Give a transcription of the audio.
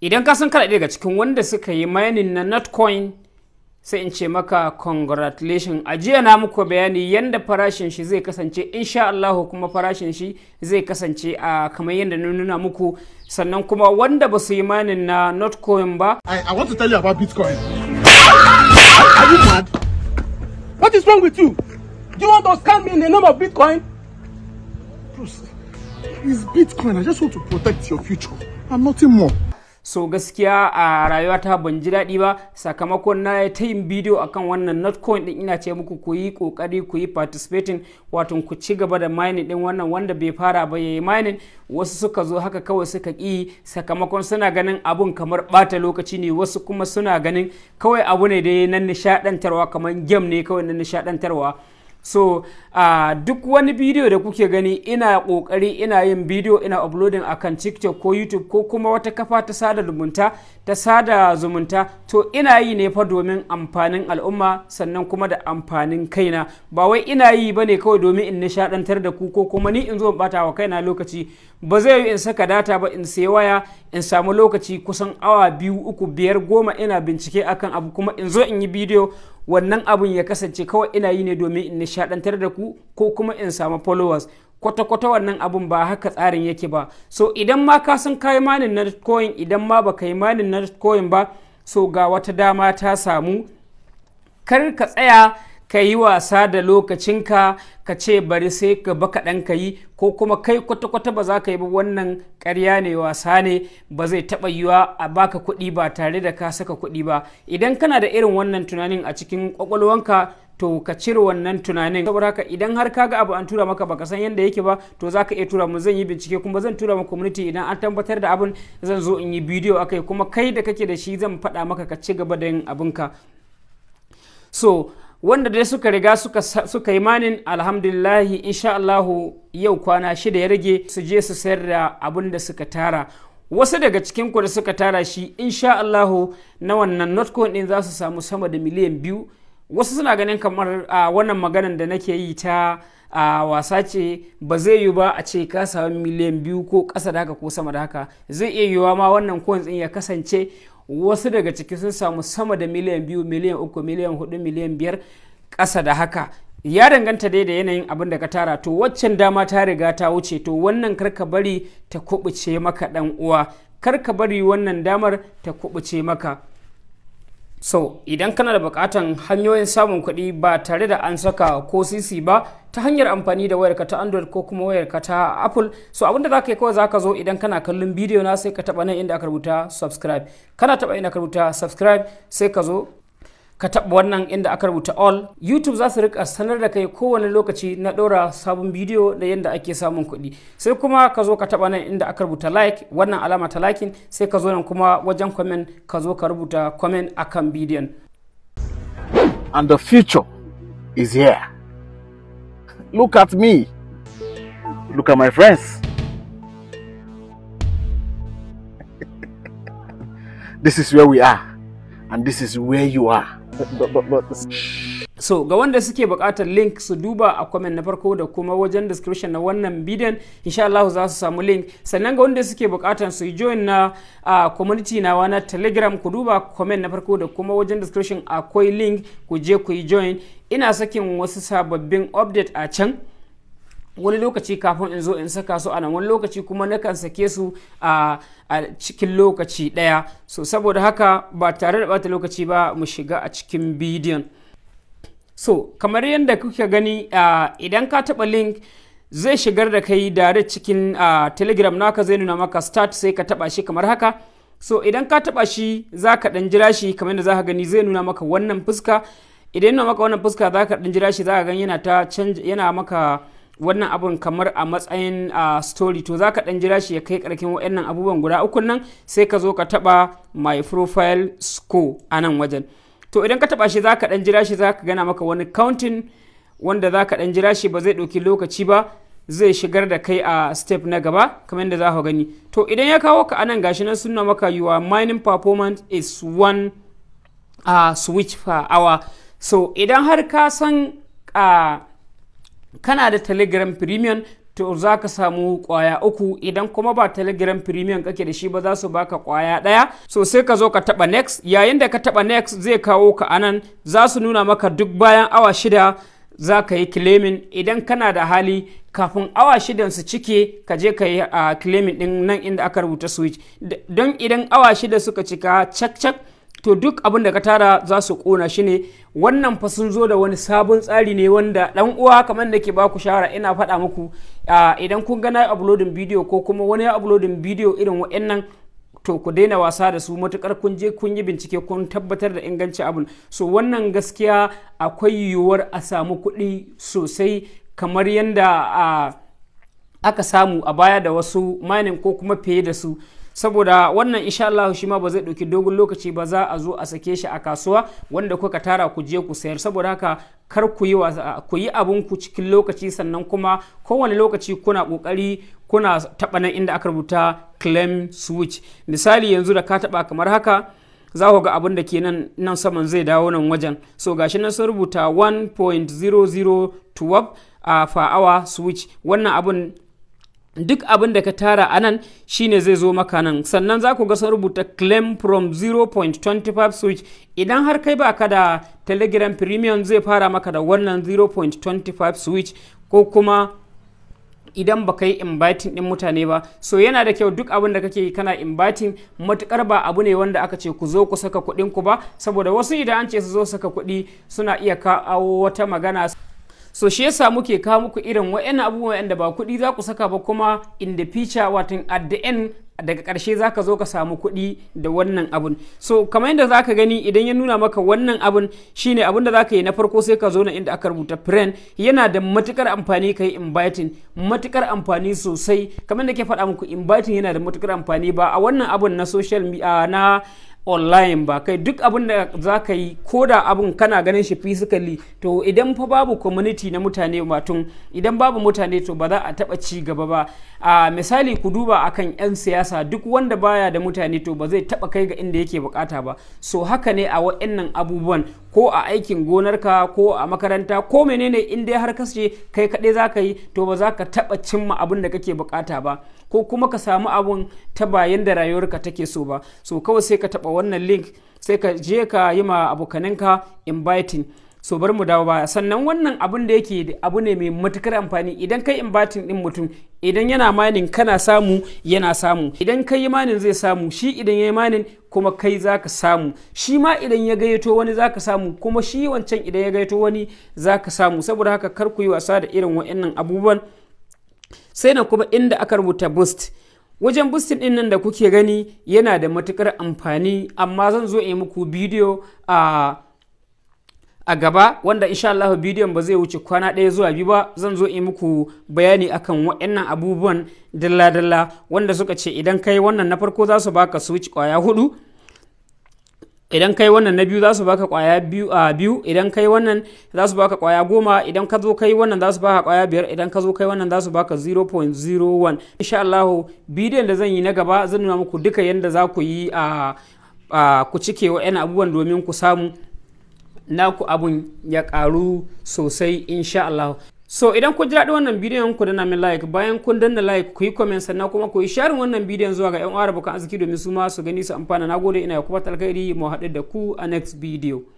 idan ka san kana daga cikin wanda suka yi mining na notcoin sai in ce maka congratulation a na muku bayani yadda farashin shi zai kasance insha Allah kuma farashin shi zai kasance a kamar yadda na nuna muku sannan kuma wanda ba su yi mining na notcoin ba I, I want to tell you about bitcoin are you mad what is wrong with you do you want to scam me in the name of bitcoin Bruce, it's bitcoin I just want to protect your future and nothing more so gaskiya a rayuwata ban ji daɗi ba sakamakon na ta yin bidiyo akan wannan notcoin din ina ce muku ku yi kokari ku yi participating wato ku ci gaba da mining din wannan wanda bai fara ba yayi mining wasu suka zo haka kawai suka ki sakamakon suna ganin abun kamar bata lokaci ne wasu kuma suna ganin kawai abu ne da na nishadantarwa kamar game ne kawai na nishadantarwa so uh, duk wani bidiyo da kuke gani ina kokari ina yin bidiyo ina uploading akan tiktok ko youtube ko kuma wata kafa ta sada zumunta ta sada zumunta to ina yi ne fa domin amfanin al'umma sannan kuma da amfanin kaina ba wai ina yi bane kawai domin in nishadantar da ku ko kuma ni in zo in bata wa kaina lokaci ba zai yi in saka data ba in sayi waya in samu lokaci kusan awa biyu uku biyar goma ina bincike akan abu kuma in zo in yi bidiyo wannan abun ya kasance kawai ina yi ne domin in nishadantar da ku ko kuma in samu followers kwata-kwata wannan abun ba haka tsarin yake ba so idan ma ka san kayi manin na coin idan ma ba ka yi manin na coin ba so ga wata dama ta samu kar ka tsaya ka yi wasa da lokacinka ka ce bari sai ka baka kaɗan ka yi ko kuma kai kwata-kwata ba za ka yi ba wannan karya ne wasa ne ba zai taɓa yiwa a baka kuɗi ba tare da ka saka kuɗi ba idan kana da irin wannan tunanin a cikin ƙwaƙwalwanka to ka cire wannan tunanin saboda haka idan har ka ga abu an tura maka baka san yadda yake ba to za ka iya tura mu zan yi bincike kuma zan tura mu community idan an tabbatar da abin zan zo in yi bidiyo akai kuma kai da kake da shi zan faɗa maka ka ci gaba da yin abinka so wanda dai suka riga suka, suka yi manin alhamdulillahi insha Allahu yau kwana shida ya rage su je su sayar da abin da suka tara wasu daga cikin ku da suka tara shi insha Allahu na wannan not din za su samu sama da miliyan biyu wasu suna ganin kamar a wannan maganan da nake yi ta a wasa ce ba zai yi ba a ce ka samu miliyan biyu ko ƙasa da haka ko sama da haka zai iya yiwuwa ma wannan coins ya kasance wasu daga ciki sun samu sama da miliyan biyu miliyan uku miliyan hudu miliyan biyar kasa da haka ya danganta dai da yanayin abin da ka tara to waccan dama ta riga ta wuce to wannan karka bari ta kubuce maka dan uwa karka bari wannan damar ta kubuce maka so idan kana da bukatan hanyoyin samun kuɗi ba tare da an saka ko sisi ba ta hanyar amfani da wayarka ta android ko kuma wayarka ta apple so abinda za ka yi kawai za ka zo idan kana kallon bidiyo na sai ka taba nan inda aka rubuta subscribe kana taba ina aka rubuta subscribe sai ka zo ka taɓa wannan inda aka rubuta all youtube za su rika sanar da kai kowane lokaci na ɗora sabon bidiyo da yadda ake samun kuɗi sai kuma ka zo ka taɓa nan inda aka rubuta like wannan alama ta liking sai ka zo nan kuma wajen comment ka zo ka rubuta comment akan bidiyon and the future is here Look at me. Look at my friends. this is where we are, and this is where you are. But, but, but, shh. so ga wanda suke bukatar link su duba a comment na farko da kuma wajen description na wannan bidiyon insha Allah za su samu link sannan ga wanda suke bukatar su join na a community nawa na telegram ku duba comment na farko da kuma wajen description akwai link ku je ku join ina sakin wasu sababbin update a can wani lokaci kafin in zo in saka su a nan wani lokaci kuma nakan sake su a cikin lokaci daya so saboda haka ba tare da bata lokaci ba mu shiga a cikin bidiyon so kamar yadda kuka gani uh, idan ka taba link zai shigar da kai dare cikin uh, telegram naka zai nuna maka start sai ka taɓa shi kamar haka so idan ka taɓa shi za ka ɗan jira shi kamar yadda za ka gani zai nuna maka wannan fuska idan nuna maka wannan fuska za ka ɗan jira shi za ka gani yana canja yana maka wannan abun kamar a matsayin uh, story to za ka ɗan jira shi ya kai ƙarƙin wa'annan abubuwan guda ukun nan sai ka zo ka taba my profile score a nan wajen to idan ka taba shi za ka dan jira shi za ka gana maka wani counting wanda za ka dan jira shi ba zai ɗauki lokaci ba zai shigar da kai a step na gaba kamar yadda za ka gani to idan ya kawo ka anan gashi nan sunna maka your mining performance is one uh, switch per hour so idan har ka san uh, kana da telegram premium to za ka samu kwaya uku idan kuma ba telegram premium kake da shi ba za su baka kwaya ɗaya so sai ka zo ka taɓa next yayin da ka taɓa next zai kawo ka anan za su nuna maka duk bayan awa shida za ka yi claiming idan kana da hali kafin awa shidan su cike ka je ka yi a ah, claiming din nan inda aka rubuta switch don idan awa shida suka cika cak cak to duk abin da ka tara za su kona shi ne wannan fa sun zo da wani sabon tsari ne wanda dan uwa kamar da ke ba ku shawara ina faɗa muku idan kun ga uploading bidiyo ko kuma wani ya uploading bidiyo irin wa'annan to ku daina wasa da su matukar kun je kun yi bincike kun tabbatar da inganci abin so wannan gaskiya akwai yiwuwar a samu kuɗi sosai kamar yadda aka samu a baya da wasu mining ko kuma fiye da su saboda wannan insha Allah shi ma ba zai ɗauki dogon lokaci ba za a zo a sake shi a kasuwa wanda kuka tara ku je ku sayar saboda haka kar ku yi ku yi abun ku cikin lokaci sannan kuma kowane lokaci kuna kokari kuna taɓa nan inda aka rubuta claim switch misali yanzu da ka taɓa kamar haka za ku ga abun da ke nan nan saman zai dawo nan wajen so gashi nan sun rubuta 1.0012 a uh, a switch wannan abun duk abin da ka tara a nan shi ne zai zo maka nan sannan za ku ga sun rubuta claim from 0.25 switch idan har kai ba ka da telegram premium zai fara maka da wannan 0.25 switch ko kuma idan ba kai yi inviting din mutane ba so yana da kyau duk abin da kake kana inviting matukar ba abu ne wanda aka ce ku zo ku saka kuɗin ku ba saboda wasu idan an ce su zo saka kuɗi suna iya kawo wata magana so shi yasa muke kawo muku irin wa'yan abubuwa da ba kuɗi za ku saka ba kuma in the future watan at the end daga karshe za ka zo ka samu kuɗi da wannan abun so kamar yadda za ka gani idan ya nuna maka wannan abun ne abun da za ka yi na farko sai ka zo na inda aka rubuta friend yana da matukar amfani ka yi inviting matukar amfani sosai kamar da ke faɗa muku inviting yana da matukar amfani ba a wannan abun na social media na online ba kai duk abin da za ka yi ko da abin kana ganin shi physically to idan fa babu community na mutane matun idan babu mutane to ba za a taba ci gaba ba a misali ku duba akan 'yan siyasa duk wanda baya da mutane to ba zai taba kai ga inda yake bukata ba so haka ne a wa'annan abubuwan ko a aikin gonarka ko a makaranta ko menene inda dai har kasce kai kaɗai za ka yi to ba za ka taba cimma abin da kake bukata ba ko kuma ka samu abun ta bayan da rayuwarka take so ba so kawai sai ka taba wannan link sai ka je ka yi ma abokaninka inviting so bar mu dawo baya sannan wannan abun da yake abu ne mai matukar amfani idan kai inviting din mutum idan yana manin kana samu yana samu idan kai yi manin zai samu shi idan ya kuma kai zaka samu shi ma idan ya gayyato wani zaka samu kuma shi wancan idan ya gayyato wani zaka samu saboda haka kar ku yi wasa da irin wa'annan abubuwan sai na kuma inda aka rubuta bust wajen bustin din nan da kuke gani yana da matukar amfani amma zan zo in muku bidiyo a a gaba wanda insha Allah bidiyon ba zai wuce kwana ɗaya zuwa biyu ba zan zo in muku bayani akan waɗannan abubuwan dalla-dalla wanda suka ce idan kai wannan na farko za su baka switch kwaya hudu idan kai wannan na biyu za su baka kwaya biyu a biyu idan kai wannan za su baka kwaya goma idan ka zo kai wannan za su baka kwaya biyar idan ka zo kai wannan za su baka 0.01 insha Allah bidiyon da zan yi na gaba zan nuna muku duka yadda za ku yi a ku cike wa yan abubuwan domin ku samu naku abun ya karu sosai insha Allah so idan ku ji wannan bidiyon ku dana min like bayan kun danna like ku yi comment sannan kuma ku yi share wannan bidiyon zuwa ga 'yan uwa abokan arziki domin su ma su gani su amfana nagode ina ya kuma alkhairi mu haɗu da ku a next video